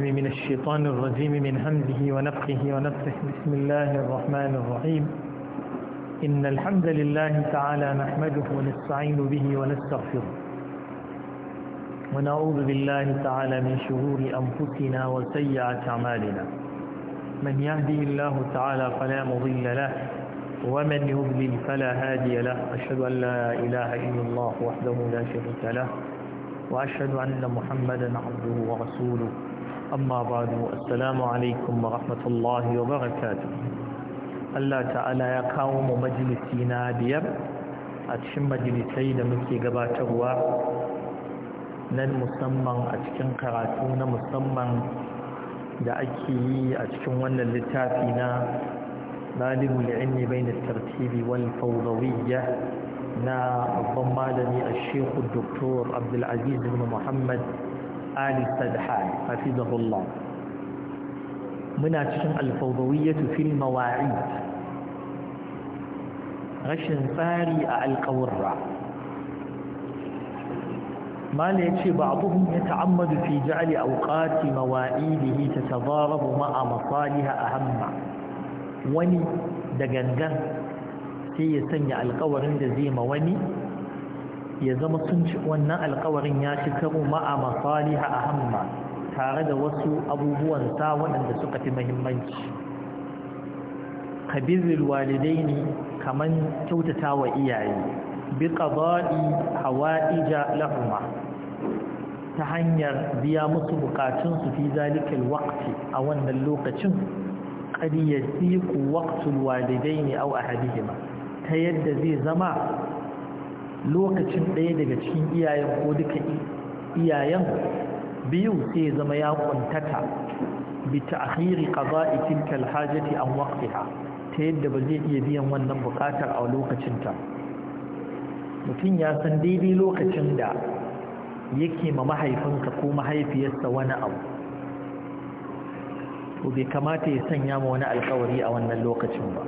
من الشيطان الرجيم من همزه ونفخه ونفخه بسم الله الرحمن الرحيم إن الحمد لله تعالى نحمده ونستعين به ونستغفره ونعوذ بالله تعالى من شرور أنفسنا وسيئات أعمالنا من يهدي الله تعالى فلا مضل له ومن يضلل فلا هادي له أشهد أن لا إله إلا الله وحده لا شريك له وأشهد أن محمدا عبده ورسوله أما بعد السلام عليكم ورحمة wa وبركاته Allah ta'ala ya kawo mu majalisi na biyar a cikin majalisai da muke gabatarwa nan musamman a cikin karatu na musamman da ake yi a cikin wannan littafi na lalibu li'inni bai da tartibi wal fawzawiyya na babban malami a shekul doktor abdulaziz muhammad ali sadhan hafizahullah muna cikin alfawdawiyyatu fil mawa'id rashin tsari a alƙawarra mala yace ba'dhum yata'ammadu fi ja'li awqati mawa'idihi tatadarabu ma'a masaliha ahamma wani da gangan sai ya sanya alƙawarin da zai ma wani ya zama sun ci wannan alkawarin ya ci karu ma'a masaliha a hamma tare da wasu abubuwan sa waɗanda suka fi mahimmanci kabizul walidai ne kamar kyautata wa iyaye bi hawa hawaija lahuma ta hanyar biya musu bukatun su fi zalikal waqti a wannan lokacin qad yasiqu waqtul walidaini a ahadihima ta yadda zai zama lokacin ɗaya daga cikin iyayen ko duka iyayen biyu sai zama ya kuntata bi ta'khiri qada'i tilka alhajati an waqtiha ta yadda ba zai iya biyan wannan bukatar a lokacin ta mutum ya san daidai lokacin da yake ma mahaifinka ko mahaifiyarsa wani abu to bai kamata ya sanya ma wani alkawari a wannan lokacin ba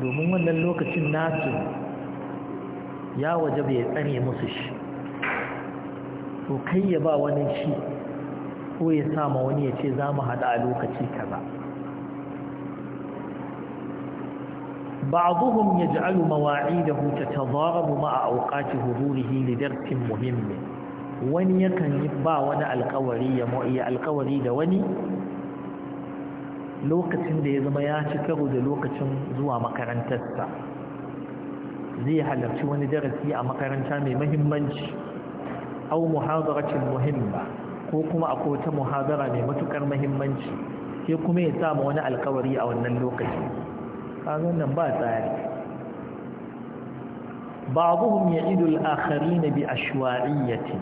domin wannan lokacin nasu ya waje bai tsare musu shi to kai ya ba wani shi ko ya sama wani ya ce za mu haɗa a lokaci kaza بعضهم يجعل a تتضارب مع hururi, hili, لدرس muhimmi. wani yakan yi ba wani alkawari ya ya alkawari da wani lokacin da ya zama ya ci karo da lokacin zuwa makarantarsa zai halarci wani darasi a makaranta mai mahimmanci au muhadaratin muhimma ko kuma a kota muhadara mai matukar mahimmanci sai kuma ya samu wani alkawari a wannan lokaci kagan nan ba tsari ba'dhum ya'idu al-akharin bi ashwa'iyyati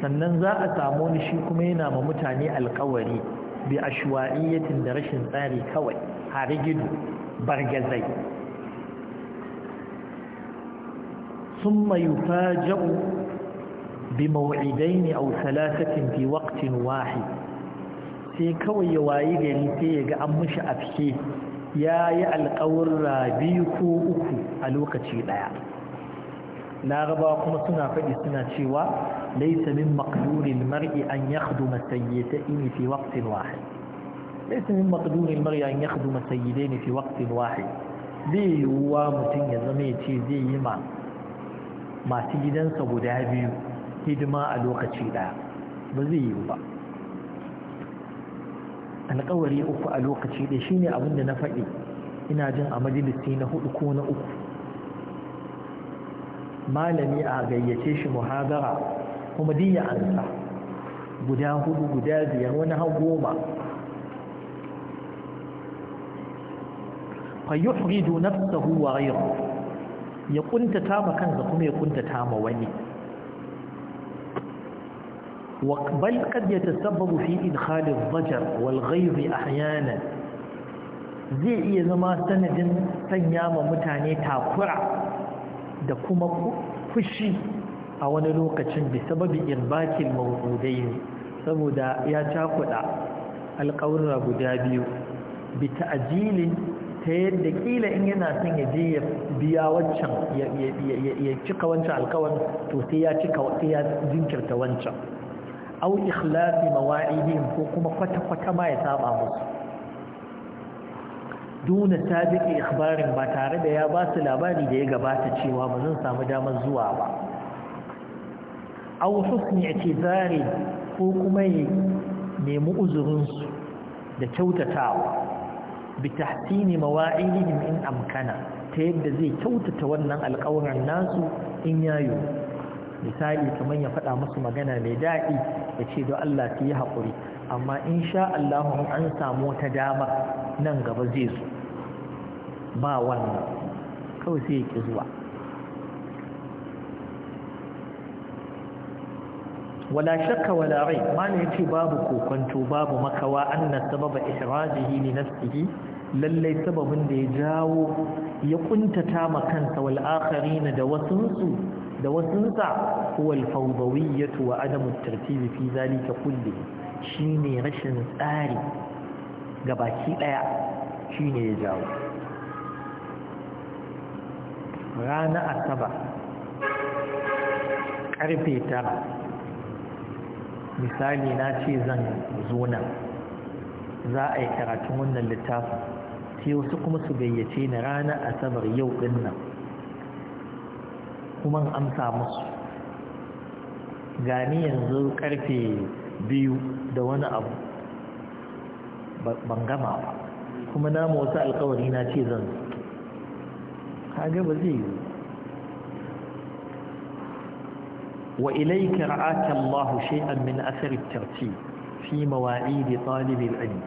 sannan za a samu wani shi kuma yana ma mutane alkawari bi ashwa'iyyatin da rashin tsari kawai harigidu bargazai ثم يفاجأ بموعدين أو ثلاثة في وقت واحد سيكو يوائد يليتيك يعني أمش أفكي يا يألقى الرابيكو أكو ألوك تيلايا ناغبا وقم سنة فإسنا تيوى ليس من مقدور المرء أن يخدم سيدين في وقت واحد ليس من مقدور المرء أن يخدم سيدين في وقت واحد ذي هو متنى زميتي ذي يمان masu gidansa guda biyu hidima a lokaci ɗaya ba zai yi ba alƙawari uku a lokaci ɗaya shine abin da na faɗi ina jin a majalisi na hudu ko na uku malami a gayyace shi muhadara kuma diya ansa guda hudu guda biyar wani har goma fayyuhridu nafsahu wa ghayruhu ya ta ma kansa kuma ya ta ma wani sababu قد يتسبب Bajar, إدخال a والغيظ zai iya zama sanadin sanya ma mutane takura da kuma fushi a wani lokacin bi sababi irbakin mawudai ne saboda ya cakuɗa alƙawarra guda biyu bi ajilin ta yadda ƙila in yana son ya je biya wancan ya cika wancan alkawan to sai ya cika wata ya jinkirta wancan aw ikhlasi mawa'idihim ko kuma kwata kwata ma ya saba musu duna sabiqi ikhbarin ba tare da ya ba su labari da ya gabata cewa ba zan samu damar zuwa ba aw husni i'tizari ko kuma ya nemi uzurin su da kyautatawa bi tahsini mawa'idihim in amkana ta yadda zai kyautata wannan alƙawuran nasu in yayo misali kamar ya faɗa musu magana mai daɗi ya ce don Allah su yi haƙuri amma in sha Allah an samu wata dama nan gaba zai zo ba wannan kawai sai ya ƙi zuwa wala shakka wala rai mana yace babu kokonto babu makawa anna sababa ihrajihi li nafsihi lalle sababin da ya jawo ya kuntata ma kansa wal akharin da wasunsu da wasunsa huwa al fawdawiyyatu wa adam at tartib fi zalika kulli shine rashin tsari gabaki daya shine ya jawo rana asaba karfe tara misali na ce zan zo nan za a yi karatun wannan littafin sai wasu kuma su gayyace ni ranar asabar yau din nan kuma amsa musu gani yanzu karfe biyu da wani abu ban gama ba kuma na wasu alkawari na ce zan ga ba zai yi وإليك رعاك الله شيئا من أثر الترتيب في مواعيد طالب العلم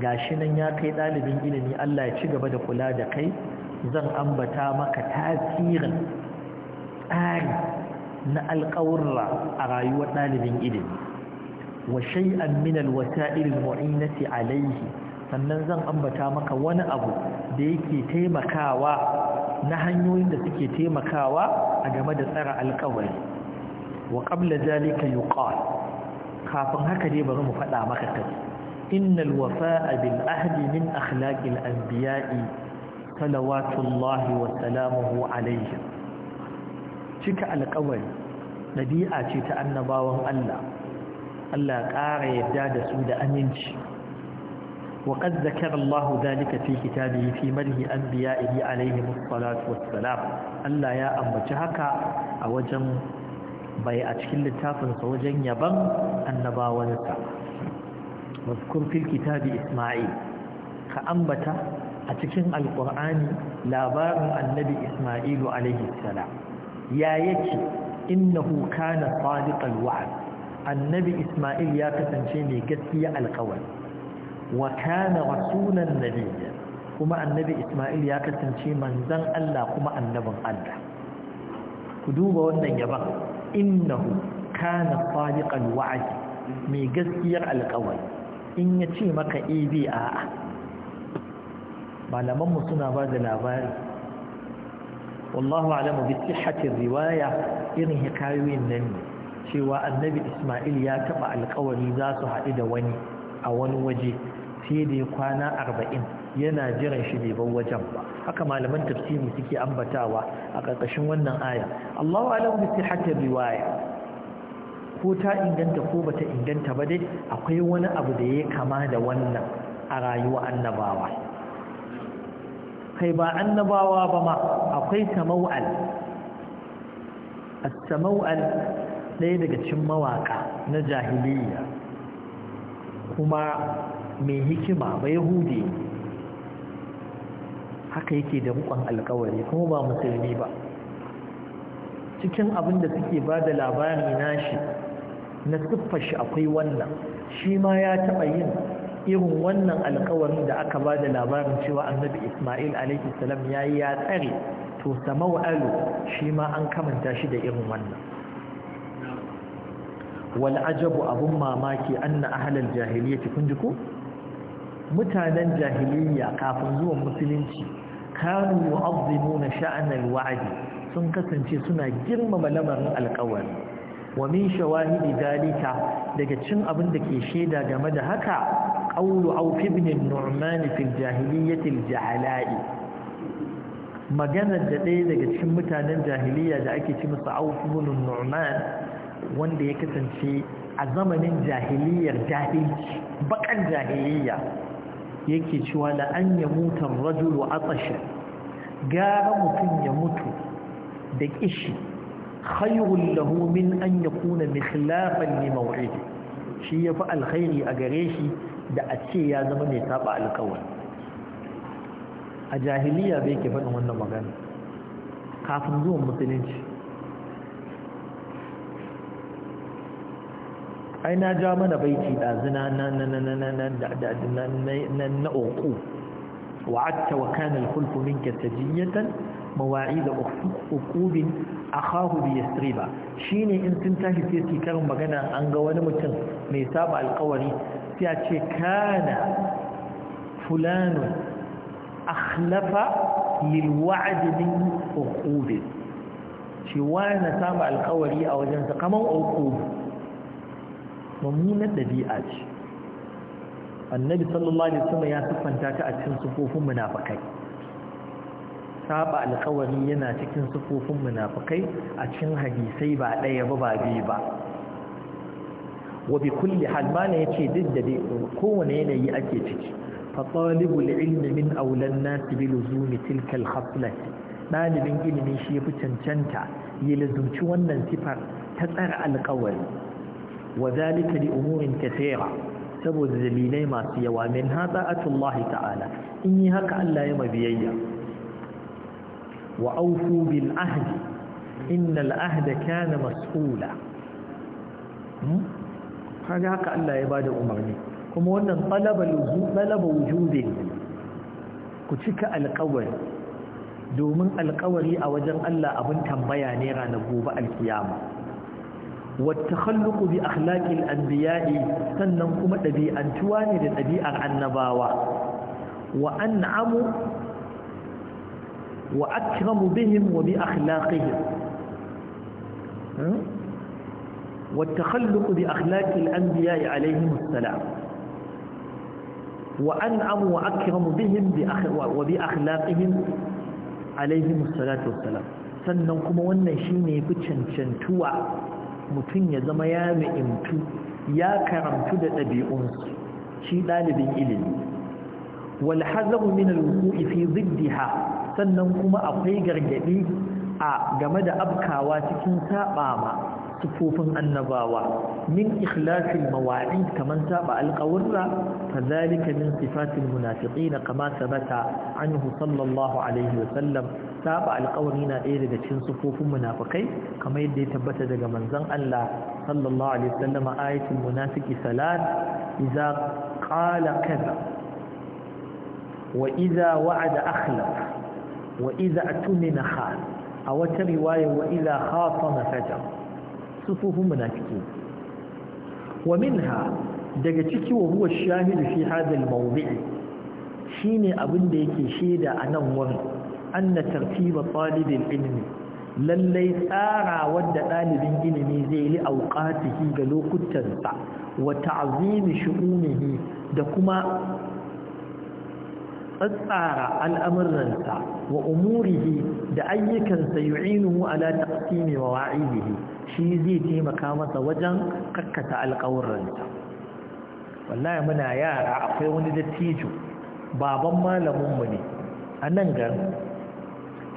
gashi nan ya kai ɗalibin ilimi Allah ya ci gaba da kula da kai zan ambata maka tasirin tsari na alƙawurra a rayuwar ɗalibin ilimi wa shay'an min alwasa'il mu'inati alayhi sannan zan ambata maka wani abu da yake taimakawa na hanyoyin da suke taimakawa a game da tsara alƙawari wa ƙabla zalika yuqal kafin haka dai bari mu faɗa maka kai innal wafa'a bil ahdi min akhlaqil anbiya'i salawatullahi wa salamuhu alayhi cika alƙawari Nabi'a ce ta annabawan Allah Allah ƙara yadda da su da aminci وقد ذكر الله ذلك في كتابه في مره أنبيائه عليهم الصلاة Allah ya ambaci haka a wajen. bai a cikin littafinsa wajen yaban annabawansa mazkur fil kitabi isma'il ka ambata a cikin alkur'ani labarin annabi isma'ilu alaihi salam ya yake innahu kana sadiqal wa'd annabi isma'il ya kasance mai gaskiya alkawari wa kana rasulan nabiyya kuma annabi isma'il ya kasance manzon Allah kuma annabin Allah ku duba wannan yaban innahu kana sadiqal wa'd mai gaskiyar alƙawari in ya maka ebi eh, a'a mu suna ba da labari wallahu a'lam bi sihhatir riwaya irin hikayoyin nan ne cewa annabi Isma'il ya taba alƙawari za su haɗu da wani a wani waje sai da ya kwana arba'in. yana jiran shi bai wajen ba haka malaman tafsiri suke ambatawa a ƙarƙashin wannan aya Allahu a'lam bi sihhati riwaya ko ta inganta ko bata inganta ba dai akwai wani abu da ya kama da wannan a rayuwar annabawa kai ba annabawa ba ma akwai samau'al as-samau'al dai daga cikin mawaka na jahiliyya kuma mai hikima ba hude. haka yake da rukun alkawari kuma ba musulmi ba cikin abin da suke ba da labari nashi na siffar shi akwai wannan shi ma ya taɓa yin irin wannan alkawarin da aka ba da labarin cewa annabi ismail alaihissalam ya yi ya tsare to samau alu shi ma an kamanta shi da irin wannan wal ajabu abun mamaki anna ahlal jahiliya kun ji ku mutanen jahiliyya kafin zuwan musulunci kanu yu'azzimuna sha'anal wa'di sun kasance suna girmama lamarin alƙawari wa min shawahidi dalika daga cin abin da ke shaida game da haka qawlu auf ibn nu'man fil jahiliyyati al maganar da ɗaya daga cikin mutanen jahiliya da ake ci masa auf ibn nu'man wanda ya kasance a zamanin jahiliyar jahilci bakan jahiliya yake cewa la an yamuta ar-rajulu atasha gara mutum ya mutu da kishi khayrun lahu min an kuna mikhlafan li maw'idi shi yafi alkhairi a gare shi da a ce ya zama mai saba alkawari a jahiliya bai ke faɗin wannan magana kafin zuwan musulunci ai na ja mana baiti dazina na na na na na na na uku wa'adta wa kana al-khulfu minka tajiyatan mawa'id uqubin akhahu bi shine in sun tashi sai su karin magana an ga wani mutum mai saba alƙawari sai a ce kana fulanu akhlafa lil wa'd min uqubin shi wa na saba alƙawari a wajensa kaman uqubi mummunar ɗabi'a ce annabi sallallahu alaihi wasallam ya siffanta ta a cikin sufofin munafikai saba alƙawari yana cikin sufofin munafikai a cikin hadisai ba ɗaya ba ba biyu ba wa bi kulli hal ma ne yace duk da kowane yanayi ake ciki fa talibul ilmi min awlan nas bi luzumi tilka al ɗalibin ilimi shi ya fi cancanta ya lazumci wannan sifar ta tsara alƙawari wa zalika ni umurin kathira saboda dalilai masu yawa min hada atullahi ta'ala in yi haka Allah ya mabiyayya wa aufu bil ahdi innal ahda kana mas'ula hmm? kaga umarni kuma wannan talaba talaba wujudin ku cika alƙawari domin alƙawari a wajen Allah abin tambaya naira na gobe alkiyama wattakhalluqu bi akhlaqil anbiya'i sannan kuma dabi'antuwa ne da dabi'ar annabawa wa an'amu wa akramu bihim wa bi akhlaqihim wattakhalluqu bi wa an'amu sannan kuma wannan shine ku cancantuwa mutum ya zama ya mu'imtu ya karamtu da ɗabi'unsu shi ɗalibin ilimi walhazabu min alwuqu'i fi ziddiha sannan kuma akwai gargadi a game da abkawa cikin saba ma sifofin annabawa min ikhlasil mawa'id kaman saba alqawra fadhalika min sifatil munafiqin kama sabata anhu sallallahu alaihi wa sallam saba alƙawari na ɗaya daga cikin sufofin munafikai kamar yadda ya tabbata daga manzon Allah sallallahu alaihi wasallam ayatul munafiki salat idza qala kaza wa idza wa'ada akhla, wa idza atumina khal a wata riwaya wa idza khafa fajar sufofin munafiki wa minha daga ciki wa huwa shahidu fi hadha al shine abin da yake shaida a nan wurin anna tartiba talibin ilmi lallai tsara wadda ɗalibin ilimi zai yi auqatihi ga lokutansa wa ta'zimi shu'umihi da kuma tsara al'amuransa wa umurihi da ayyukansa yu'inuhu ala taqsimi mawa'idihi shi zai taimaka masa wajen kakkata alƙawurransa wallahi muna yara akwai wani dattijo baban malamin mu ne a nan garin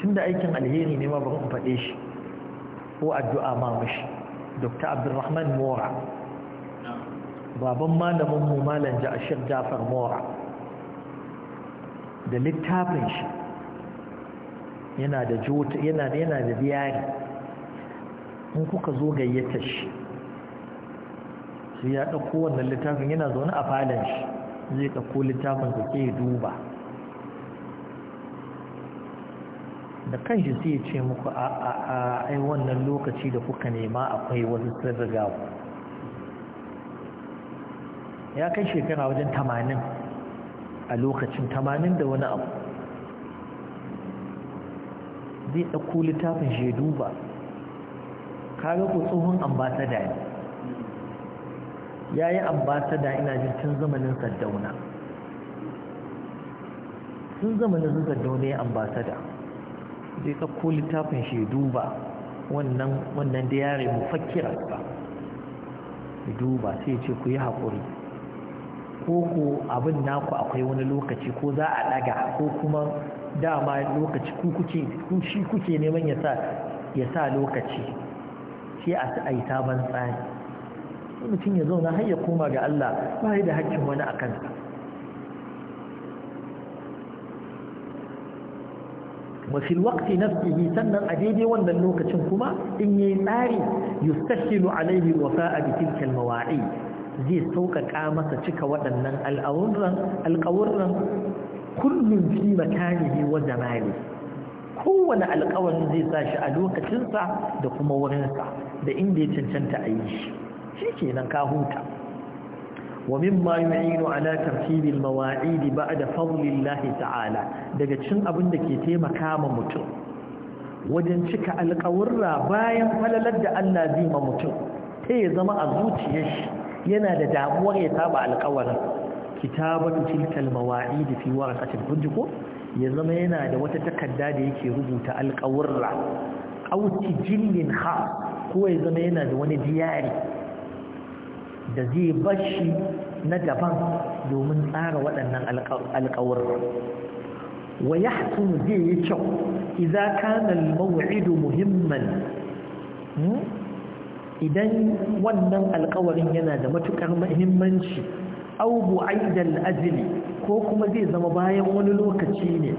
tun da aikin alheri ne ma bari faɗe shi ko addu'a ma mashi dr abdulrahman mora baban malamin mu malam ja'ashir jafar mora da littafin shi yana da jota yana da yana da biyari in kuka zo gayyata shi sai ya ɗauko wannan littafin yana zaune a falon shi zai ɗauko littafin da ke duba da kanshi sai ya ce muku a a a ai wannan lokaci da kuka nema akwai wani sirriga ya kai shekara wajen tamanin a lokacin tamanin da wani abu zai ɗauko littafin shaidu ba. kaga ku tsohon ambasada ne ya yi ambasada ina jin tun zamanin saddauna tun zamanin saddauna ya ambasada sai ko littafin shi duba wannan wannan da yare mu fakira ba duba sai ce ku yi haƙuri ko ku abin naku akwai wani lokaci ko za a daga ko kuma dama lokaci ku kuke shi kuke neman ya sa lokaci sai a yi sabon tsari mutum ya zauna har ya koma ga Allah ba da hakkin wani a kansa wa fil waqti nafsihi sannan a daidai wannan lokacin kuma in yi tsari yustahkilu alaihi wafa'a bi bikin mawa'i zai sauƙaƙa masa cika waɗannan al'awurran alƙawurran kullum fi makanihi wa zamani kowane alƙawarin zai sa shi a lokacinsa da kuma wurinsa da inda ya cancanta a yi shi shi kenan ka huta ومما يعين على ترتيب المواعيد بعد فضل الله تعالى daga cin abin da ke taimaka ma mutum wajen cika alƙawurra bayan falalar da Allah zai ma mutum ta ya zama a zuciyar shi yana da damuwar ya taɓa alƙawarin kitabatu tilkal mawa'id fi warqatil hujjo ya zama yana da wata takarda da yake rubuta alƙawurra Auti tijillin kha ko ya zama yana da wani diyari da zai bashi na daban domin tsara waɗannan alƙawar wa ya zai yi kyau idan kanan mawa'idu muhimman hmm? idan wannan alƙawarin yana da matuƙar muhimmanci au aidal ajili ko kuma zai zama bayan wani lokaci ne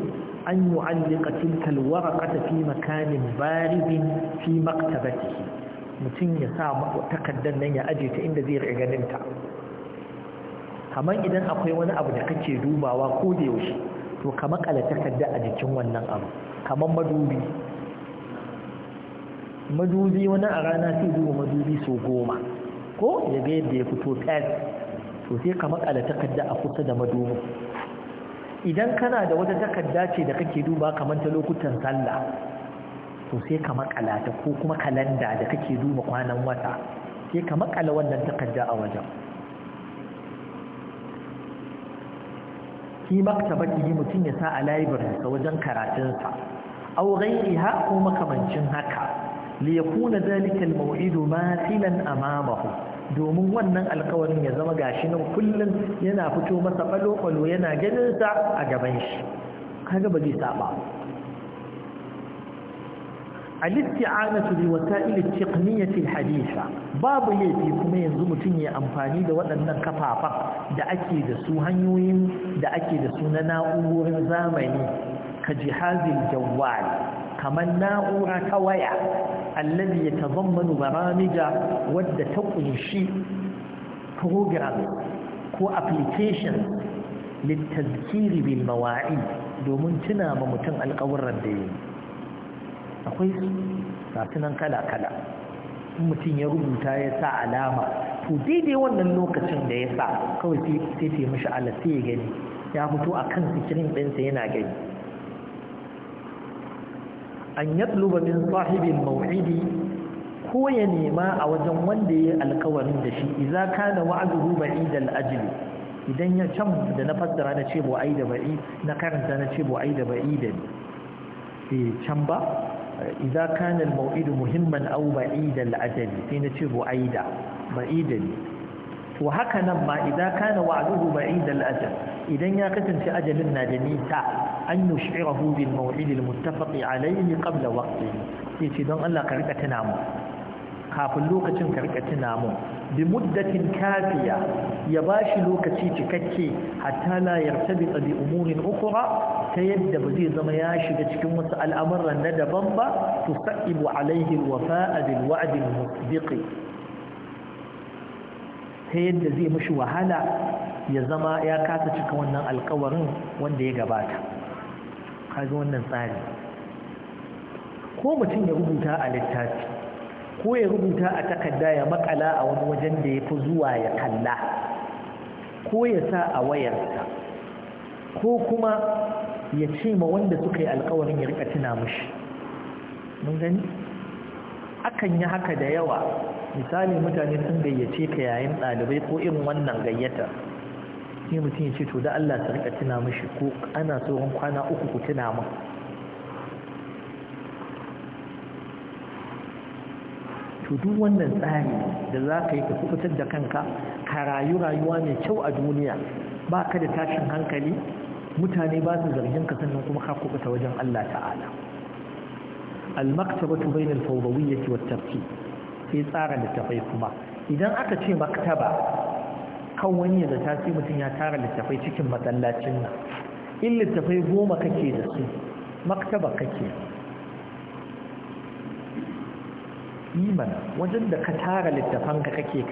an yu'allika tilka alwaraqata fi makanin baridin fi maktabatihi mutum ya sa takardar nan ya aje ta inda zai ganin ta kamar idan akwai wani abu da kake dubawa ko da yaushe to ka makala takarda a jikin wannan abu kamar madubi madubi wani a rana sai duba madubi so goma ko ya ga yadda ya fito fes to sai ka makala takarda a kusa da madubi idan kana da wata takarda ce da kake duba kamar ta lokutan sallah to sai ka makala ta ko kuma kalanda da kake duba kwanan wata sai ka makala wannan takarda a wajen Ki ki yi mutum ya sa a library sa wajen karatun sa. aw ghayriha ko makamancin haka li yakuna zalika almaw'idu mathilan amamahu domin wannan alkawarin ya zama gashi nan kullun yana fito masa falo-falo yana ganin sa a gaban shi kaga ba zai saba a istianatu bi wata'il al-tiqniyati al-hadisa babu yafi kuma yanzu mutun ya amfani da waɗannan kafafa da ake da su hanyoyin da ake da su na na'urorin zamani ka jihazil jawwal kaman na'ura ta a alladhi yatazammanu baramija wadda ta kunshi program ko application للتذكير بالمواعيد دومن تنام متن القورر ديني akwai su nan kala-kala mutum ya rubuta ya sa alama to daidai wannan lokacin da ya sa kawai sai ta mashi ala sai ya gani ya fito a kan sikirin ɗinsa yana gani an yatluba min sahibin maw'idi ko ya nema a wajen wanda ya alkawarin da shi idza kana wa'duhu ba'idal ajl idan ya can da na fassara na ce bu'ai da ba'i na karanta na ce bu'ai da ba'i da ne can ba idza kana al-maw'id muhimman aw ba'id al-ajal fi na ce bu'ida ba'idan wa haka nan ma idza kana wa'duhu ba'id al idan ya kasance ajalin na da nisa an yushirahu bil maw'id al-muttafaq alayhi qabla waqtihi sai ce don Allah ka rika tana mu kafin lokacin karka namun mu bi muddatin kafiya ya bashi lokaci cikakke hatta la yartabi bi umurin ukhra ta yadda ba zai zama ya shiga cikin wasu al'amuran na daban ba Sa'ibu alaihi alwafa'a bil wa'd al ta yadda zai mishi wahala ya zama ya kasa cika wannan alkawarin wanda ya gabata kaga wannan tsari ko mutum ya rubuta a littafi ko ya rubuta a takarda ya makala a wani wajen da ya fi zuwa ya kalla ko ya sa a wayarsa ko kuma ya ce ma wanda suka yi alkawarin ya rika tuna mushi mun gani akan yi haka da yawa misali mutane sun gayyace ka yayin ɗalibai ko irin wannan gayyata sai mutum ya ce to da Allah su rika tuna mushi ko ana sauran kwana uku ku tuna mu to duk wannan tsari da za ka yi ka fitar da kanka ka rayu rayuwa mai kyau a duniya ba ka da tashin hankali mutane ba su zargin ka sannan kuma ka kubuta wajen Allah ta'ala al-maktabatu bayna al-fawdawiyyati wat-tartib sai tsara littafai kuma idan aka ce maktaba kan wani da ta ce mutum ya tara littafai cikin masallacin nan in littafai goma kake da su maktaba kake yi mana wajen da ka tara littafanka kake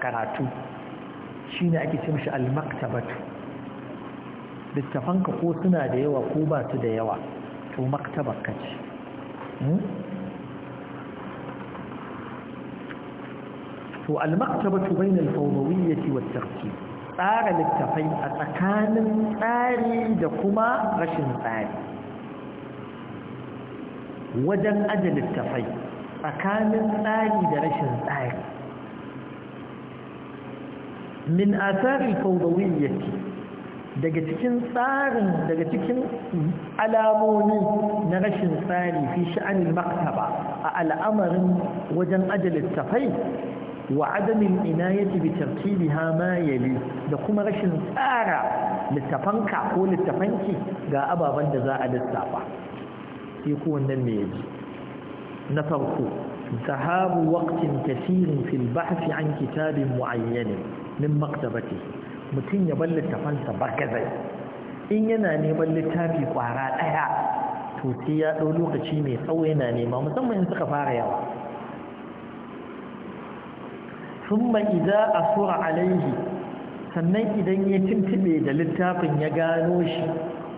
karatu shi ne ake cimshi al-maktabatu littafanka ko suna da yawa ko ba su da yawa to maktabar ka ce hmm? to al-maktabatu bain al-fawdawiyyati wat-tartib tsara littafai a tsakanin tsari da kuma rashin tsari wajen aje littafai tsakanin tsari da rashin tsari min asari yake daga cikin tsarin daga cikin alamomi na rashin tsari fi sha'anin maktaba a al'amarin wajen ajalin tafai wa adamin inayati bi tartibiha ma yali da kuma rashin tsara littafanka ko littafanki ga ababen da za a lissafa sai ko wannan me yaji na farko zahabu waqtin kaseerin fil bahth an mu mu'ayyan min maktabati mutum ya ballata fansa barkazai in yana neman littafi kwara ɗaya, to sai ya dau lokaci mai tsawo yana nema musamman in suka fara yawa thumma idza asura alayhi sannan idan ya tintibe da littafin ya gano shi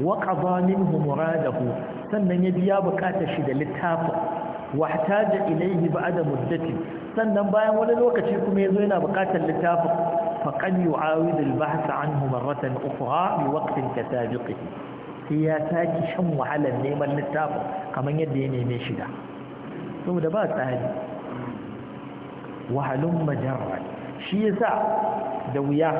wa qadana minhu muradahu sannan ya biya bukatar shi da littafin wahtaja ilayhi ba'da muddati sannan bayan wani lokaci kuma yazo yana bukatar littafin faqad yu'awid al-bahth anhu marratan ukhra bi waqtin kasabiqihi ya taki shan wahalar neman littafin kamar yadda ya neme shi da saboda ba tsari wahalun majarrad shi yasa da wuya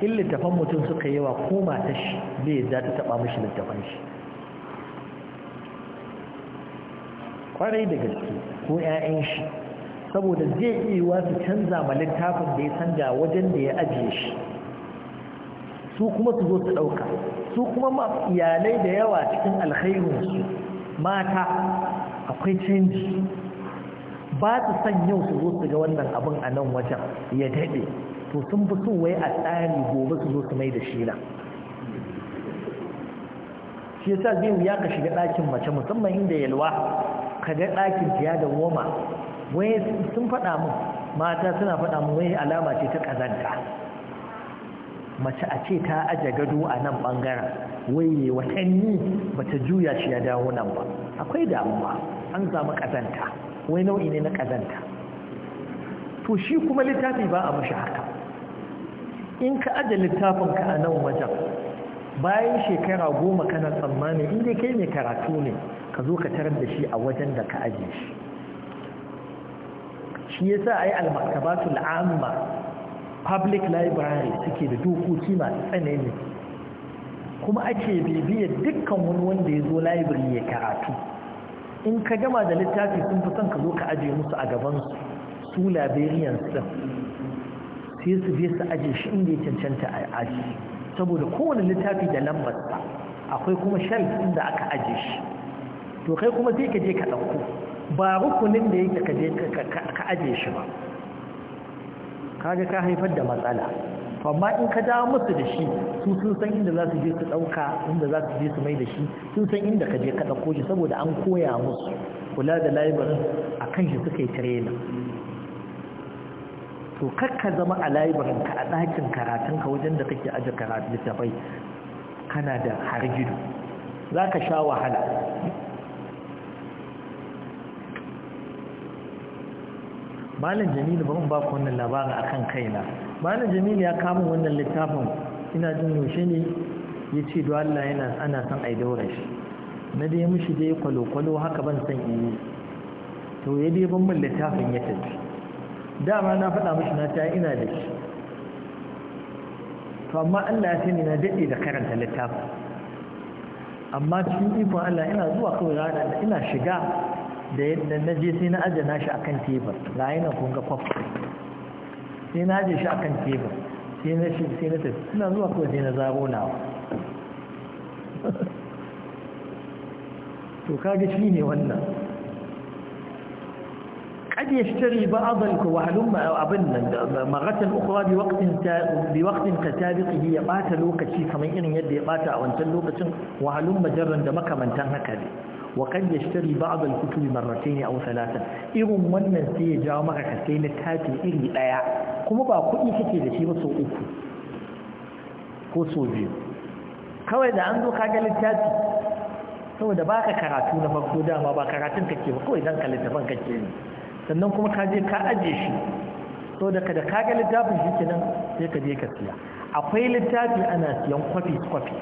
in littafan mutum suka yawa ko tashi bai da ta taba mishi littafan shi kwarai da gaske ko 'ya'yan shi saboda zai iya wasu canza ma littafin da ya canza wajen da ya ajiye shi su kuma su zo su ɗauka su kuma iyalai da yawa cikin su mata akwai canji ba su san yau su zo su ga wannan abin a nan wajen ya daɗe to sun fi so wai a tsari gobe su zo su mai da shi na shi yasa zai wuya ka shiga ɗakin mace musamman inda yalwa ka ga ɗakin jiya da woma wai sun faɗa mu mata suna faɗa mu wai alama ce ta ƙazanta mace a ce ta aje gado a nan ɓangaren waye watanni ba ta juya shi ya dawo nan ba akwai damuwa an samu ƙazanta wai nau'i ne na ƙazanta to shi kuma littafi ba a mashi haka in ka aje littafinka a nan wajen bayan shekara goma kana tsammani inda kai mai karatu ne ka zo ka tarar da shi a wajen da ka aje shi shi ya yasa a yi maktabatul amma public library suke da dokoki masu tsanani kuma ake bibiya dukkan wani wanda ya zo library ya karatu in ka gama da littafi sun fi son ka zo ka aje musu a gaban su liberians din sai su je su aje shi inda ya cancanta a aji saboda kowane littafi da lambar akwai kuma shelf inda aka aje shi to kai kuma sai ka je ka ɗauko ba rukunin da yake ka je ka aje shi ba kaga ka haifar da matsala amma in ka dawo musu da shi su sun san inda za su je su ɗauka inda za su je su mai da shi sun san inda ka je ka ɗauko shi saboda an koya musu kula da laibarin a kan shi suka yi tirena to kakka zama a laibarin ka a dakin karatun ka wajen da kake aje karatu littafai kana da hargidu. za ka sha wahala malam jamilu mun ba ku wannan labarin akan kaina malam jamilu ya kama wannan littafin ina jin yaushe ne ya ce da Allah yana ana son a daura shi na dai mishi dai kwalo-kwalo haka ban san yi. to ya dai ban littafin ya tafi dama na faɗa mishi na ta ina da shi to amma Allah ya sani na daɗe da karanta littafin amma cikin ikon Allah ina zuwa kawai ina shiga da yadda na je sai na na shi kan tebur ga yana kunga kwafi sai na aje shi kan tebur sai na tafi suna zuwa kawai sai na zaro to kaga shi ne wannan قد يشتري بعض الكوهلم أبنا مرة أخرى بوقت بوقت كسابقه يقاتل لوكشي كما إن يدي يقاتل وانتل لوكشي وهلم جرا دمك من تنهك هذه wa kan yashtari ba'd al-kutubi marratayn aw thalathan irin wannan sai ya jawo maka ka sai littafi iri daya kuma ba kuɗi kake da shi ba uku ko so kawai da an zo ka ga littafi saboda baka karatu na farko dama ba karatun kake ba kawai dan ka sannan kuma ka je ka aje shi so da kada ka ga littafin shi kenan sai ka je ka siya akwai littafi ana siyan kwafi kwafi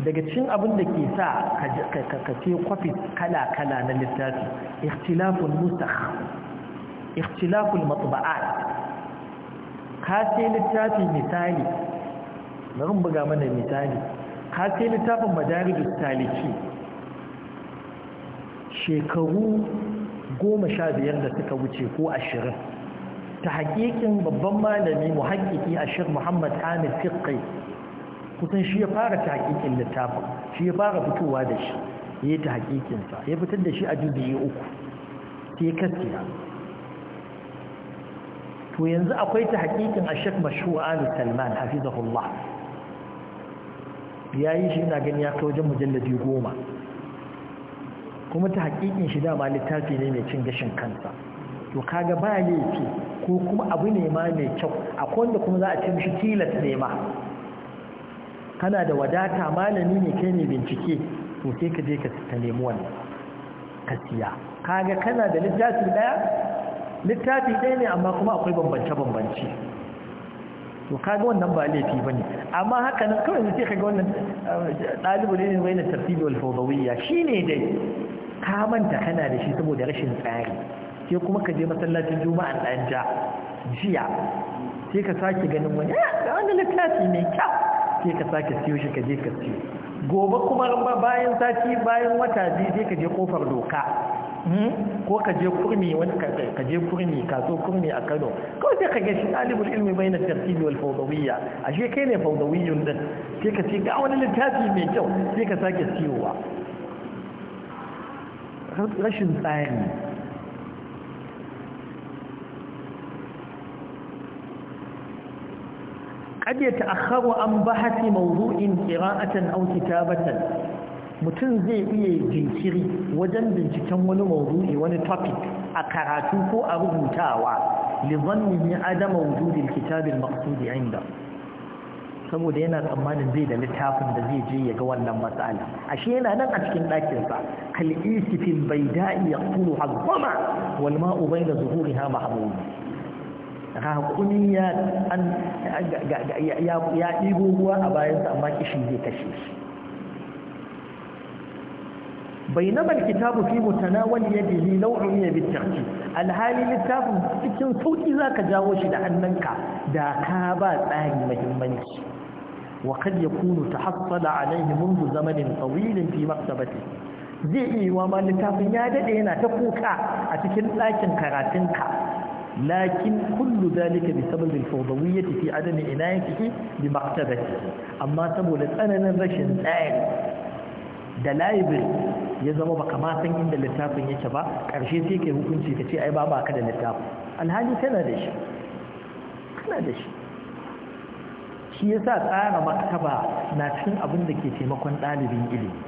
daga cikin abin da ke sa ka ce kwafi kala-kala na littafi ikhtilafun nusakh ikhtilafun matba'at ka sai littafi misali bari buga mana misali ka sai littafin madarijus taliki shekaru goma sha biyar da suka wuce ko ashirin ta hakikin babban malami muhakkiki ashir muhammad hamid fiqai kusan shi ya fara ta hakikin littafin shi ya fara fitowa da shi ya yi ta hakikinsa ya fitar da shi a jubiyi uku sai ya kastiya to yanzu akwai ta hakikin a shek mashuwa alu salman hafizahullah ya yi shi na gani ya wajen mujallabi goma kuma ta hakikin shi dama littafi ne mai cin gashin kansa to kaga ba laifi ko kuma abu ne ma mai kyau akwai wanda kuma za a ce mishi tilas ne ma kana da wadata malami ne kai ne bincike to sai ka je ka nemi wannan ka kaga kana da littafi daya littafi daya ne amma kuma akwai bambance-bambance to kaga wannan ba laifi bane amma haka nan kawai ka ga wannan eh, ɗalibu ne mai na tartibi wal fawdawiyya shine dai ka manta kana da shi saboda rashin tsari sai kuma ka je masallacin juma'an ɗanja jiya sai ka sake ganin wani ya ah, ga littafi mai kyau sai ka sake siyo shi ka je ka siyo gobe kuma bayan sati bayan wata biyu sai ka je kofar doka hmm? ko ka je kurmi wani ka je kurmi kaso kurmi a Kano kawai sai ka ga shi talibul ilmi na tartibi wal fawdawiyya ashe kai ne fawdawiyyun din sai ka ce ga wani littafi mai kyau sai ka sake siyowa rashin tsari قد يتأخر عن بحث موضوع قراءة أو كتابة mutum zai iya jinkiri wajen binciken wani mawdu'i wani topic a karatu ko a rubutawa lizannin ya adama wujudin kitabin maksudi inda saboda yana tsammanin zai da littafin da zai je ya ga wannan matsala ashe yana nan a cikin ɗakinsa kal'isi bai da'i ya kuru hazzama wal ma'u bai da zuhuri ha mahamudu hakunin ya ɗigo ruwa a bayansa amma kishi zai kashe shi bainamar kitabu fi mutana wani ya bihi nau'in ya bitirci alhali littafin cikin sauƙi za ka jawo shi da hannunka da ka ba tsari mahimmanci wa kad ya kunu ta hassada a laihi munzu zamanin tsawilin fi maktabati zai iya yiwa ma littafin ya daɗe yana ta kuka a cikin ɗakin karatunka Lakin لكن كل ذلك بسبب الفوضوية في عدم bi بمكتبته amma saboda tsananin rashin آل da library ya zama baka ma san inda littafin yake ba karshe sai kai hukunci ka ce ai ba baka da littafin alhali kana da shi kana da shi shi yasa tsara maktaba na cikin abin da ke taimakon ɗalibin ilimi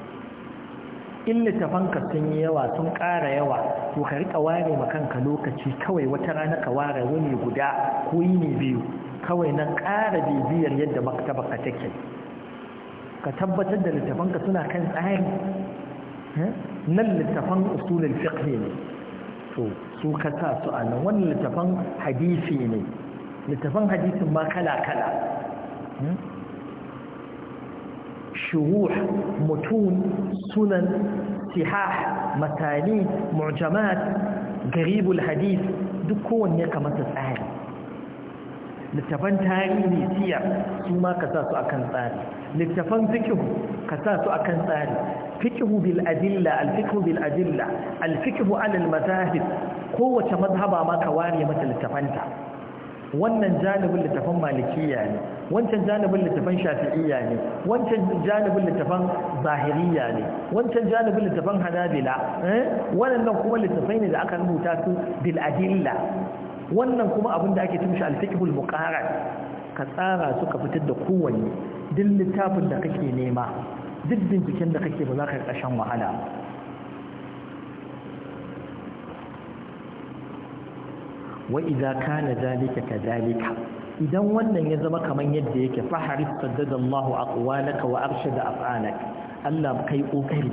in littafanka sun yi yawa sun ƙara yawa to ka riƙa ware ma kanka lokaci kawai wata rana ka ware wani guda ko yi yini biyu kawai na ƙara bibiyar yadda maktabaka take ka tabbatar da littafanka suna kan tsari nan littafan usulul fiqh ne to su ka sa su a nan wannan littafan hadisi ne littafan hadisin ma kala kala shuruh mutun sunan sihah matani mu'jamat garibul hadith duk kowanne kamata tsari littafan tarihi siya su ma ka sa su akan tsari littafan fikihu ka sa su akan tsari fikihu bil adilla alfikihu bil adilla alfikihu alal mazahib kowace mazhaba ma ka ware mata littafanta wannan janibin littafan malikiyya ne wancan janibin littafan shafi'iyya ne wancan janibin littafan zahiriyya ne wancan janibin littafan hanabila eh? waɗannan kuma littafai ne da aka rubuta su bil adilla wannan kuma abin da ake tumshi alfiqhul muqarrar ka tsara su ka fitar da kowanne duk littafin da kake nema duk binciken da kake ba za ka ƙashan wahala wa idza kana zalika kadhalika idan wannan ya zama kamar yadda yake faharis saddadallahu aqwalaka wa arshada af'alak Allah kai kokari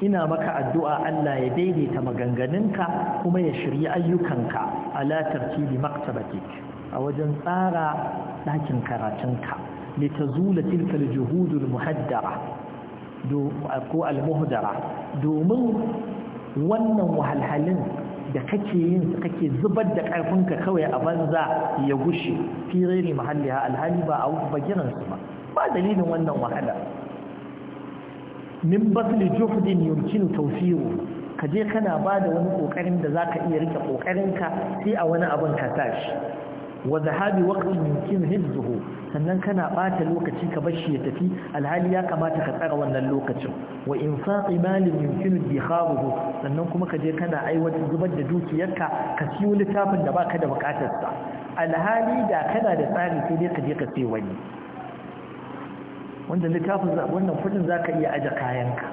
ina maka addu'a Allah ya daidaita maganganunka kuma ya shirye ayyukanka ala tartibi maktabatik a wajen tsara ɗakin karatunka litazula tilka aljuhudul muhaddara do ko almuhdara domin wannan wahalhalin da kake yin su kake zubar da karfinka kawai a banza ya gushe fi rairi mahalliha alhali ba a ba su ba ba dalilin wannan wahala min basli juhdin yumkinu tawfiru kaje kana bada wani kokarin da zaka iya rike ka sai a wani abin ka tashi wa zahabi waqtin yumkin sannan kana bata lokaci ka bashi ya tafi alhali ya kamata ka tsara wannan lokacin wa infaqi malin yumkin dikhabuhu sannan kuma ka je kana aiwatar zubar da dukiyarka ka siyo littafin da baka da bukatar sa alhali da kana da tsari sai dai ka je ka sai wani wanda littafin wannan kudin zaka iya aje ka?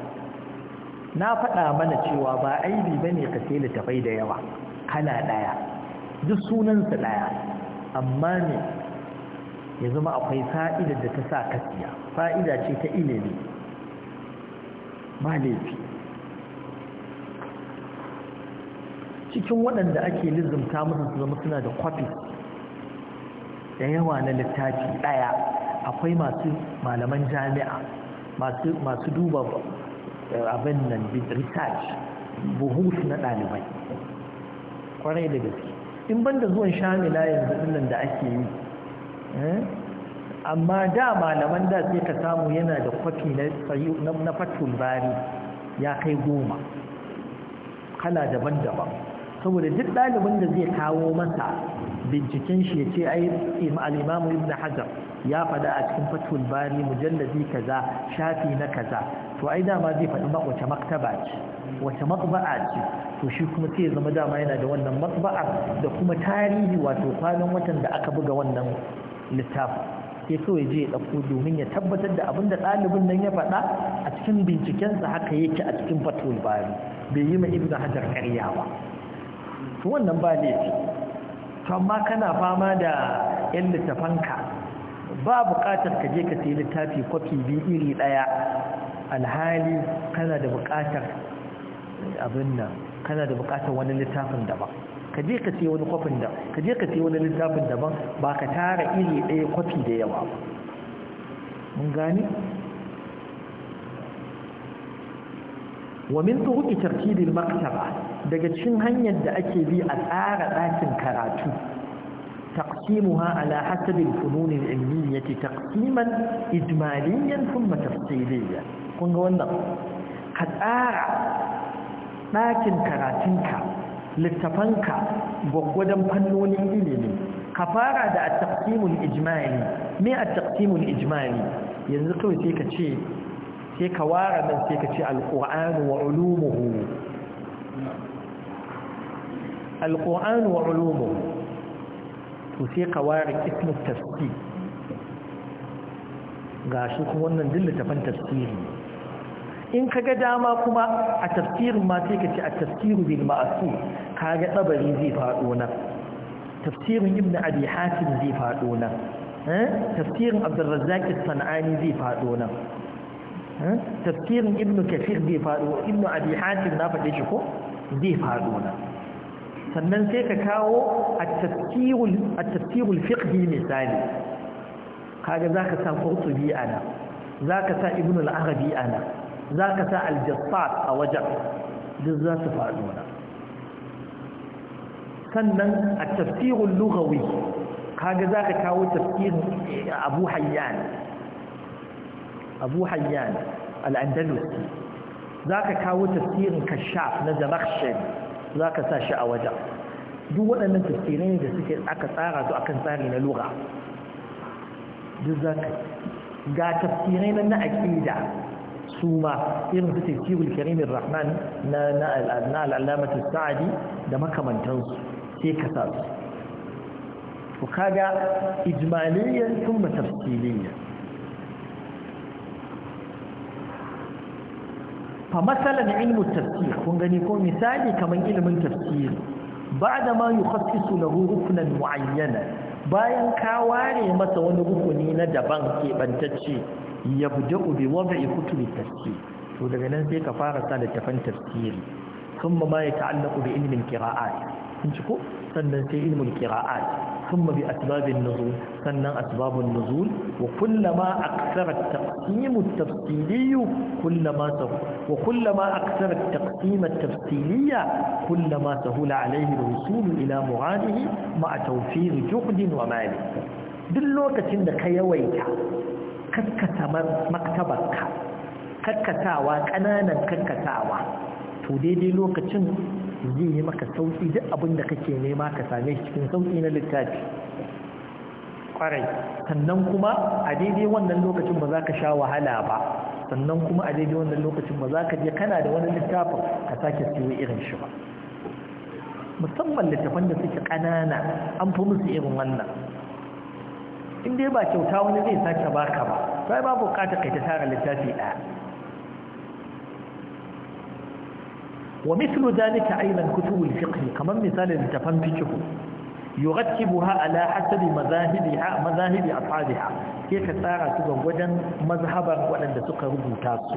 na faɗa mana cewa ba aibi bane ka sai littafai da yawa kana daya duk sunansa daya amma ne ya zama akwai fa'idar da ta sa ka siya fa'ida ce ta ilimi ba laifi cikin waɗanda ake lizumta musu su zama suna da kwafis, da yawa na littafi ɗaya akwai masu malaman jami'a masu duba eh, abin nan research buhus na ɗalibai kwarai da gaske in ban da zuwan shamila yanzu nan da ake yi eh? amma da malaman da sai ka samu yana da kwafi na fatul bari ya kai goma kala daban-daban saboda duk ɗalibin da zai kawo masa binciken shi ya ce ai al'imamu ibn hajar ya faɗa a cikin Fathul bari mujalladi kaza shafi na kaza to ai dama zai faɗi wace maktaba ce wace matba'a ce to shi kuma sai zama dama yana da wannan matba'a da kuma tarihi wato kwanan watan da aka buga wannan littafi sai kawai je ya ɗauko domin ya tabbatar da abin da ɗalibin nan ya faɗa a cikin bincikensa haka yake a cikin Fathul bari bai yi ma ibn hajar ƙarya ba to wannan ba laifi amma kana fama da yan littafanka ba buƙatar ka je ka sayi littafi kwafi biyu iri ɗaya alhali kana da buƙatar abin nan kana da buƙatar wani littafin daban ka je ka sayi wani kwafin da ka je ka sayi wani littafin daban ba ka tara iri ɗaya kwafi da yawa ba mun gane wa min tuhuki tartibil maktaba daga cin hanyar da ake bi a tsara ɗakin karatu تقسيمها على حسب الفنون العلمية تقسيما إجماليا ثم تفصيليا kun ga wannan ka tsara ɗakin karatunka littafanka gwaggwadon fannonin ilimi ka fara da a taqsimul ijmali me a taqsimul ijmali yanzu kawai sai ka ce sai ka ware nan sai ka ce alqur'anu wa ulumuhu alƙo'an wa ulumu to sai ka ware ismin tafsir ga shi kuma wannan dillitafin tafsiri in ka ga dama kuma a tafsirin ma sai ka a tafsiru bil ma'asu ka ga tsabari zai faɗo na tafsirin ibn abi hatim zai faɗo na tafsirin abdurrazzaq sanani zai faɗo na tafsirin ibn kafir zai faɗo ibn abi hatim na faɗe shi ko zai faɗo na. sannan sai ka kawo at-tafsirul fiqhi misali kaga zaka sa qurtubi ana zaka sa ibn al-arabi ana zaka sa al-jassat a wajen duk za su faɗo na sannan at-tafsirul lughawi kaga zaka kawo tafsirin Abu Hayyan Abu Hayyan al-Andalusi zaka kawo tafsirin Kashaf na Zamakhshari za ka sa shi a wajen duk waɗannan tafsirai ne da suke aka tsara su akan tsari na lura duk za ka ga tafsirai nan na aƙida su ma irin su tafsirul karimin rahman na na al'alamatu sa'adi da makamantansu sai ka sa su Ku kaga ijmaliyyan kuma tafsiliyyan fa masalan ilmu tafsir kun gani ko misali kaman ilimin tafsir ba'da ma yukhassisu lahu ruknan muayyana bayan ka ware masa wani rukuni na daban ke bantacce yabda'u bi wad'i kutubi tafsir to daga nan sai ka fara sa littafan tafsiri ثم ما يتعلق بعلم القراءات hukunci ko sannan sai ilmul qira'at kuma mafi asbabin nuzul sannan asbabun nuzul wa kullama aksara taqsim at-tafsili kullama sa wa kullama aksara taqsim at-tafsiliya kullama sahula alayhi al-wusul ila muradihi ma tawfir juhd wa duk lokacin da ka yawaita kakkata ƙananan kakkatawa to daidai lokacin zai yi maka sauki duk abin da kake nema ka same shi cikin sauki na littafi kwarai sannan kuma a daidai wannan lokacin ba za ka sha wahala ba sannan kuma a daidai wannan lokacin ba za ka je kana da wani littafin ka sake siyo irin shi ba musamman littafan da suke ƙanana an fi musu irin wannan in dai ba kyauta wani zai sake baka ba sai ba bukatar kai ta tara littafi ɗaya ومثل ذلك أيضا كتب الفقه كما مثال التفن فقه يرتبها على حسب مذاهبها مذاهب أصحابها كيف سارة تزوجا مذهبا ولن تقر تاسو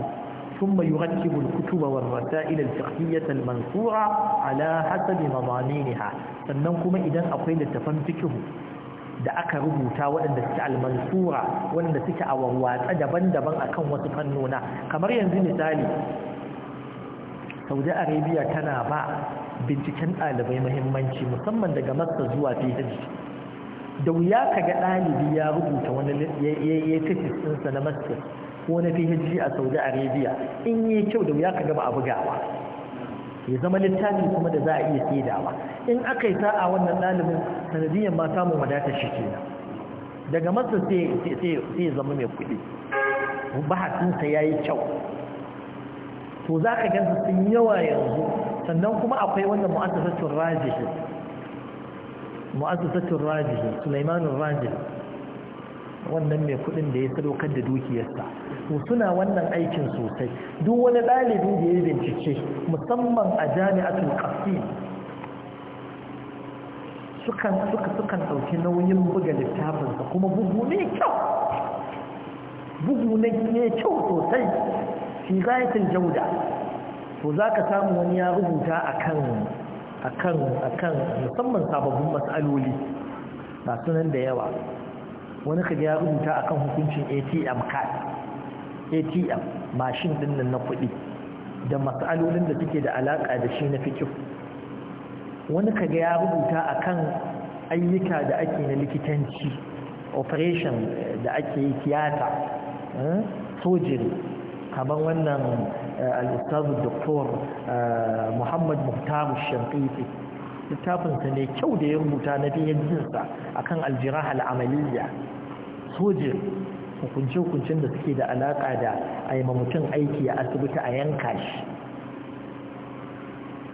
ثم يرتب الكتب والرسائل الفقهية المنثورة على حسب مضامينها فننكم إذن أقول التفن فقه da aka rubuta waɗanda suke almansura waɗanda suke a wawwatsa daban-daban akan wasu fannona kamar yanzu misali saudi arabia tana ba binciken ɗalibai muhimmanci musamman daga masa zuwa fihaji da wuya ka ga ɗalibi ya rubuta wani ya yi ɗinsa na masar ko na fihaji a saudi arabia in yi kyau da wuya ka gaba a bugawa ya zama littafi kuma da za a iya saidawa in aka yi sa'a wannan ɗalibin sanadiyyar ma samun wadatar shi kenan daga masar sai ya zama mai kuɗi bahasinsa ya yi kyau to za ka gansu sun yawa yanzu sannan kuma akwai wannan mu'assasatun rajihi mu'assasatun rajihi sulaimanun rajihi wannan mai kudin da ya sadaukar da dukiyarsa to suna wannan aikin sosai duk wani ɗalibi da ya bincike musamman a jami'atul qasim sukan ɗauki nauyin buga littafinsa kuma bugu ne kyau bugu ne kyau sosai fi gayatul jauda to zaka samu wani ya rubuta akan akan musamman sababbin mas'aloli ba sunan da yawa wani ka ya rubuta akan hukuncin ATM card ATM mashin din na kuɗi da mas'alolin da suke da alaƙa da shi na fikir wani kaga ya rubuta akan ayyuka da ake na likitanci operation da ake yi tiyata eh, sojiri kamar wannan eh, al'ustazu doktor eh, muhammad muhtamu shankifi littafinsa ne kyau da ya rubuta na biyan jinsa a kan aljira al'amaliya sojin hukunce-hukuncen da suke da alaƙa da yi mutum aiki a asibiti a yanka shi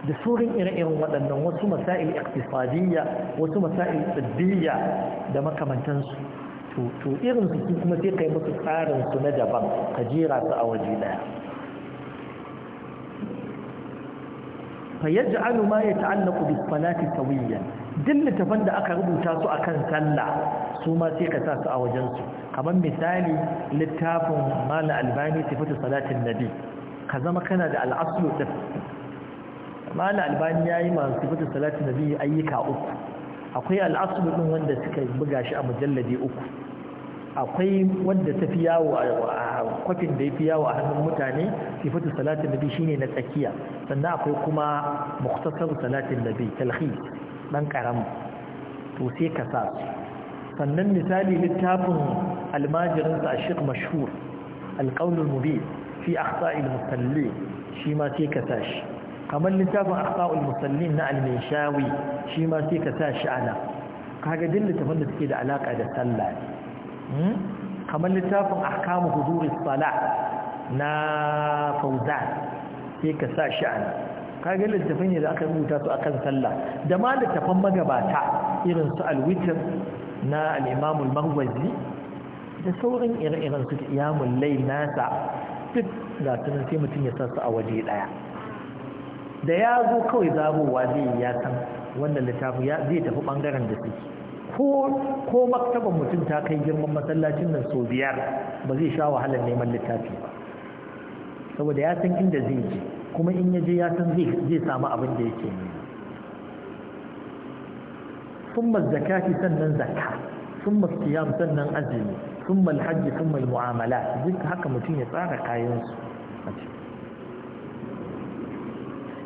da saurin ire-iren waɗannan wasu masail iktisadiyya wasu masail tsibbiyya da makamantansu to irin su kuma sai kai musu tsarin su na daban ka jera su a waje daya fa yaj'alu ma ta'allaku bis salati sawiyan duk littafan da aka rubuta su akan sallah su ma sai ka sa su a wajen su kamar misali littafin mala albani sifatu salatin nabi ka zama kana da al'aslu din mala albani yayi ma sifatu salatin nabi ayyuka uku akwai al'asulu ɗin wanda suka buga shi a mujallade uku akwai wanda ta fi yawo a kwafin da ya fi yawo a hannun mutane sifatu salatin nabi shine na tsakiya sannan akwai kuma muktasar salatin nabi talhi dan karam to sai ka sa sannan misali littafin almajirin a shiq mashhur alqawl almubin fi akhta'i almusalli shi ma sai ka sa shi kamar littafin aka'ul musallin na alminshawi shi ma sai ka sa ana kaga din littafin da suke da alaka da sallah hmm? kamar littafin ahkamu huduris sala na fauzan sai ka sa ana kaga littafin da aka rubuta su akan sallah da ma littafin magabata irin su alwitr na al-imam al-marwazi da sauran ire-iren su qiyamul Lai nasa duk ga tunan sai mutum ya sa su a waje daya da ya zo kawai zabowa zai ya san wannan littafi zai tafi bangaren da suke ko maktaban mutum ta kai girman masallacin nan sau biyar ba zai sha wahalar neman littafi ba saboda ya san inda zai je kuma in ya je ya san zai samu abin da yake ne sun zakati sannan zakka sun siyam sannan azumi sun hajji sun mu'amala duk haka mutum ya tsara kayansu a cikin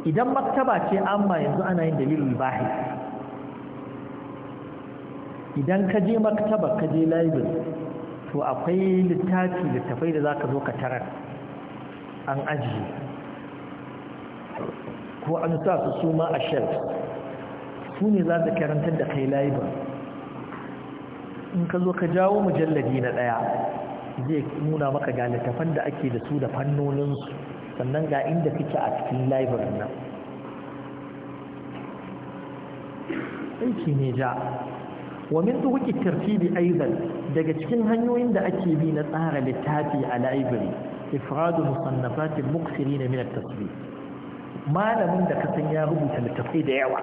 idan maktaba ce amma yanzu ana yin dalilin bahi idan ka je maktaba ka je laibin to akwai littafi littafai da za ka zo ka tarar an ajiye ko an sa su suma a shelf su ne za su karantar da kai laibin in ka zo ka jawo mujalladi na ɗaya zai nuna maka ga littafan da ake da su da fannoninsu sannan ga inda kake a cikin library nan aiki ne ja wa min tuhuki tartibi aizal daga cikin hanyoyin da ake bi na tsara littafi a library ifradu musannafatil muqsirin min at tasiri. malamin da kasan ya rubuta littafai da yawa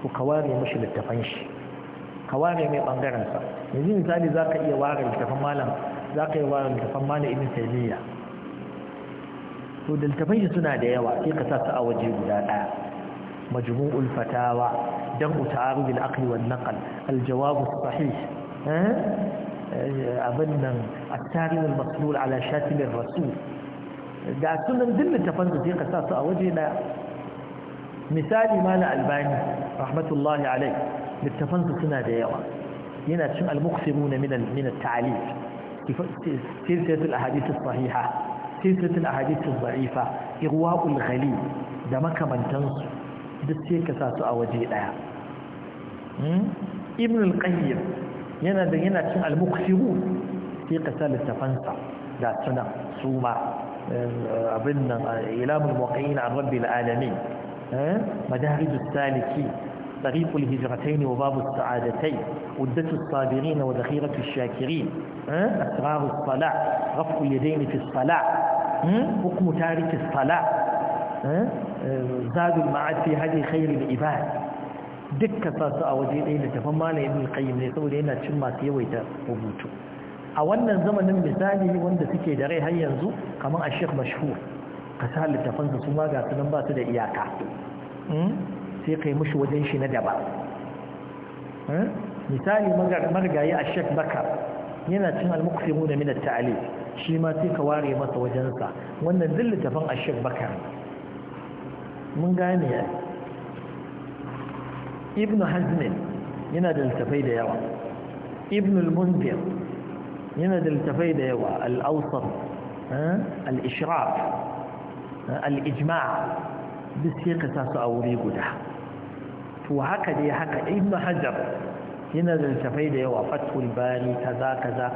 Ko ka ware mashi littafan shi ka ware mai bangaren sa yanzu misali zaka iya ware littafan malam zaka iya ware littafan malam ibn taymiyyah to daltafai suna da yawa sai ka sa a waje guda daya majmu'ul fatawa dan utaru bil aqli wal naql al jawab as sahih abin nan at-tarikh al maslul ala shatim ar rasul da sunan din tafan sai ka sa a waje ɗaya misali mala albani rahmatullahi alayh littafan suna da yawa yana cin al-muqsimuna min al-ta'alif silsilatul ahadith as-sahihah سلسلة الأحاديث الضعيفة إغواء الغليل ده ما كمان تنصر ده سيكا ساتو أوجي الايه ابن القيم ينا ده ينا المكسرون في قسالة فنسا لا سنة سومة أبنى إلام المواقعين عن رب العالمين مدارج السالكين طريق الهجرتين وباب السعادتين ودة الصابرين وذخيرة الشاكرين أسرار الصلاة رفع اليدين في الصلاة Hmm? hukumu tariki sala hmm? eh, zabin ma'ad fi hadi da ibad dukkan sasu a waje ɗaya littafin malam ibn qayyim ne saboda yana cin masu yawaita rubutu a wannan zamanin misali wanda suke da rai har yanzu kamar a shek mashhur ka sa littafansa su ma ga su nan ba su da iyaka hmm? sai kai mushi wajen shi na daba misali marigayi a shek bakar yana cin almuksimu da minar ta'ali shi ma sai ka ware masa wajensa wannan duk littafin ashir bakar mun gane ya ibn hazmin yana da littafai da yawa ibn al-munzir yana da littafai da yawa al-awsat eh, al ishraf eh, al-ijma' duk sai ka sa su a wuri guda to haka dai haka ibn hajar yana da littafai da yawa fathul bari kaza kaza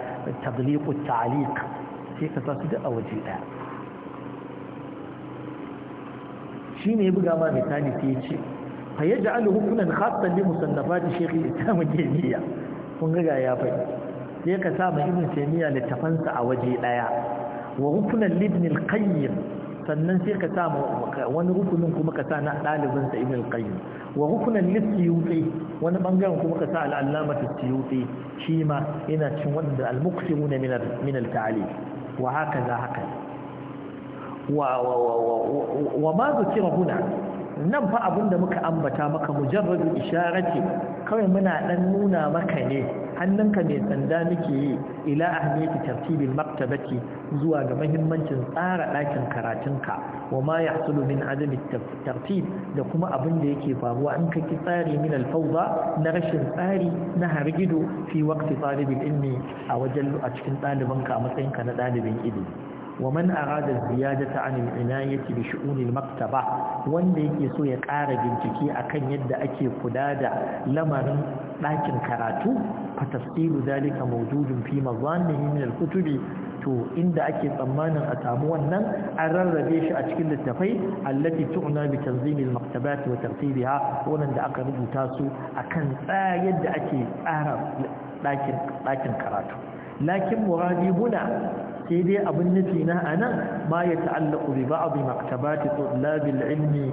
tagliqut ta'liq sai ka sa su duk a waje ɗaya shi ne buga ma misali sai ya ce fa yadda alu hukunan khassan li musannafati shekhi islam jamiya kun ga ya faɗi sai ka sa mai ibn taymiya littafansa a waje ɗaya wa hukunan libn al sannan sai ka sa wani rukunin kuma ka sa na ɗalibin sa ibn al wa hukunan lisyuti wani bangaren kuma ka sa al-allamatu shi ma yana cin wanda al-muqsimuna min al-ta'alif wa haka za haka wa ma zukira huna nan fa abin da muka ambata maka mujarrabin ishara ce kawai muna dan nuna maka ne hannunka mai tsanda muke yi ila ahmiyati tartibil maktabati zuwa ga mahimmancin tsara ɗakin karatunka wa ma yahsulu min adami tartib da kuma abin da yake faruwa in ka ki tsari min alfawda na rashin tsari na hargido fi waqti talibil ilmi a wajen a cikin ɗalibanka a matsayinka na ɗalibin ilimi Wa man'ara ومن أراد الزيادة عن العناية بشؤون Maktaba, wanda yake so ya ƙara bincike akan yadda ake kula da lamarin ɗakin karatu fa tafsilu zalika mawjudun fi mazannihi kutubi to inda ake tsammanin a samu wannan an rarrabe shi a cikin littattafai, allati tu'na bi tanzim al-maktabat wa tartibiha wannan da aka rubuta su akan tsayar da ake tsara ɗakin karatu lakin muradi buna sai dai abin nufi na anan ma ya ta'allaku bi ba'd maktabati tulabil ilmi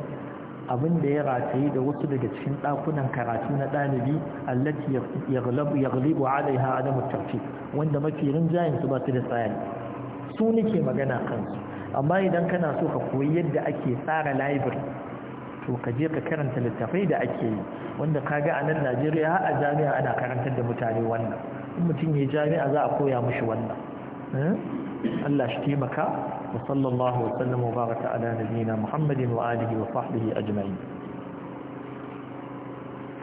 abin da ya rataye da wasu daga cikin ɗakunan karatu na ɗalibi allati yaghlibu alaiha adam tartib wanda mafi rinjayen su ba su da tsari su nake magana kansu amma idan kana so ka koyi yadda ake tsara library to ka je ka karanta littafai da ake yi wanda kaga a nan Najeriya har a jami'a ana karantar da mutane wannan in mutum ya jami'a za a koya mashi wannan eh? Allah shi taimaka wa sallallahu wa sallam wa baraka ala nabiyyina Muhammadin wa alihi wa sahbihi ajma'in